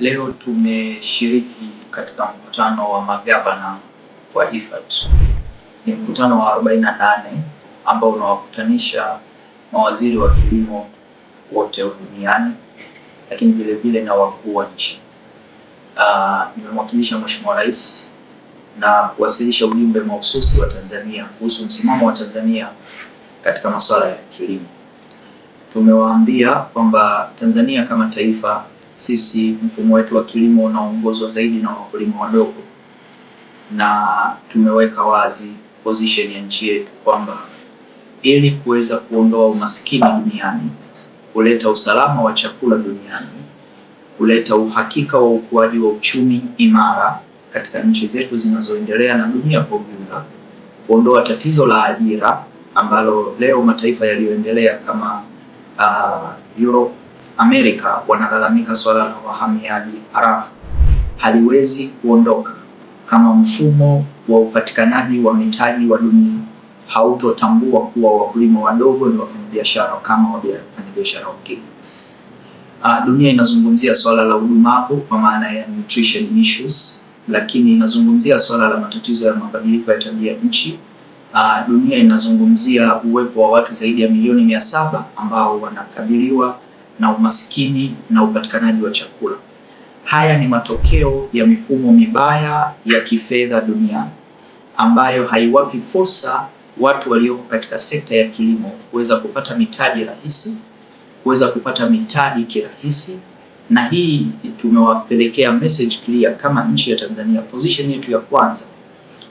Leo tumeshiriki katika mkutano wa magavana wa IFAD. Ni mkutano wa 48 ambao unawakutanisha mawaziri wa kilimo wote duniani, lakini vile vile na wakuu wa nchi. Ah, nimemwakilisha uh, Mheshimiwa Rais na kuwasilisha ujumbe mahususi wa Tanzania kuhusu msimamo wa Tanzania katika masuala ya kilimo. Tumewaambia kwamba Tanzania kama taifa sisi mfumo wetu wa kilimo unaongozwa zaidi na wakulima wadogo, na tumeweka wazi position ya nchi yetu kwamba ili kuweza kuondoa umaskini duniani, kuleta usalama wa chakula duniani, kuleta uhakika wa ukuaji wa uchumi imara katika nchi zetu zinazoendelea na dunia kwa ujumla, kuondoa tatizo la ajira ambalo leo mataifa yaliyoendelea kama uh, Europe Amerika wanalalamika suala la wahamiaji haramu haliwezi kuondoka kama mfumo wa upatikanaji wa mitaji wa dunia hautotambua kuwa wakulima wadogo ni wafanyabiashara kama wafanyabiashara wengine. Uh, dunia inazungumzia swala la udumavu kwa maana ya nutrition issues, lakini inazungumzia swala la matatizo ya mabadiliko ya tabia nchi. Uh, dunia inazungumzia uwepo wa watu zaidi ya milioni mia saba ambao wanakabiliwa na umaskini na upatikanaji wa chakula. Haya ni matokeo ya mifumo mibaya ya kifedha duniani ambayo haiwapi fursa watu walioko katika sekta ya kilimo kuweza kupata mitaji rahisi, kuweza kupata mitaji kirahisi, na hii tumewapelekea message clear kama nchi ya Tanzania. Position yetu ya kwanza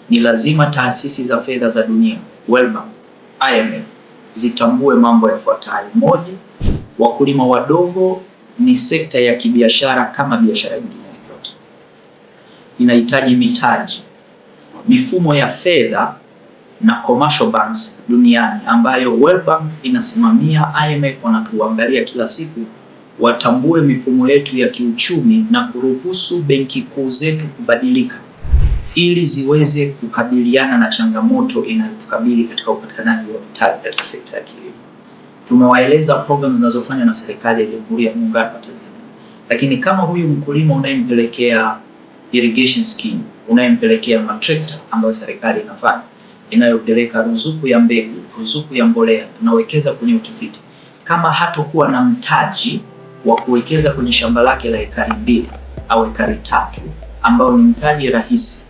ni lazima taasisi za fedha za dunia World Bank, IMF zitambue mambo yafuatayo: moja wakulima wadogo ni sekta ya kibiashara kama biashara nyingine yoyote, inahitaji mitaji, mifumo ya fedha na commercial banks duniani ambayo World Bank inasimamia, IMF wanatuangalia kila siku, watambue mifumo yetu ya kiuchumi na kuruhusu benki kuu zetu kubadilika ili ziweze kukabiliana na changamoto inayotukabili katika upatikanaji wa mitaji katika sekta ya kilimo tumewaeleza programu zinazofanywa na serikali ya Jamhuri ya Muungano wa Tanzania. Lakini kama huyu mkulima unayempelekea irrigation scheme, unayempelekea matrekta ambayo serikali inafanya inayopeleka ruzuku ya mbegu, ruzuku ya mbolea, tunawekeza kwenye utafiti, kama hatokuwa na mtaji wa kuwekeza kwenye shamba lake la ekari mbili au ekari tatu ambao ni mtaji rahisi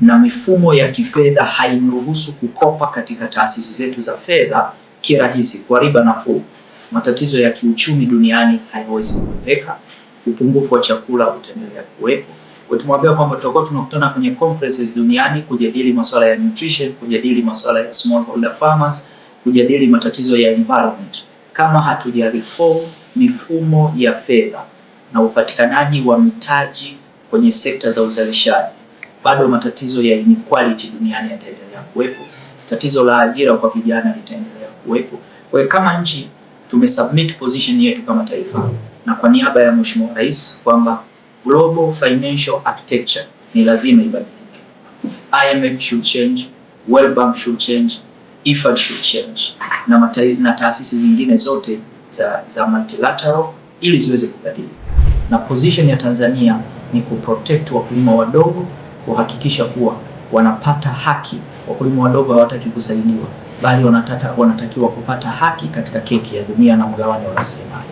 na mifumo ya kifedha haimruhusu kukopa katika taasisi zetu za fedha kirahisi kwa riba nafuu. Matatizo ya kiuchumi duniani hayawezi kuepukika, upungufu wa chakula utaendelea kuwepo. Tumwambia kwamba tutakuwa tunakutana kwenye conferences duniani kujadili masuala ya nutrition, kujadili masuala ya smallholder farmers, kujadili matatizo ya environment. Kama hatuja reform mifumo ya fedha na upatikanaji wa mitaji kwenye sekta za uzalishaji, bado matatizo ya inequality duniani yataendelea kuwepo tatizo la ajira kwa vijana litaendelea kuwepo. Kwa hiyo kama nchi tumesubmit position yetu kama taifa na kwa niaba ya Mheshimiwa Rais kwamba global financial architecture ni lazima ibadilike. IMF should change, World Bank should change, IFAD should change na, na taasisi zingine zote za, za multilateral ili ziweze kubadilika. Na position ya Tanzania ni kuprotect wakulima wadogo kuhakikisha kuwa wanapata haki. Wakulima wadogo hawataki kusaidiwa, bali wanatakiwa kupata haki katika keki ya dunia na mgawanyo wa rasilimali.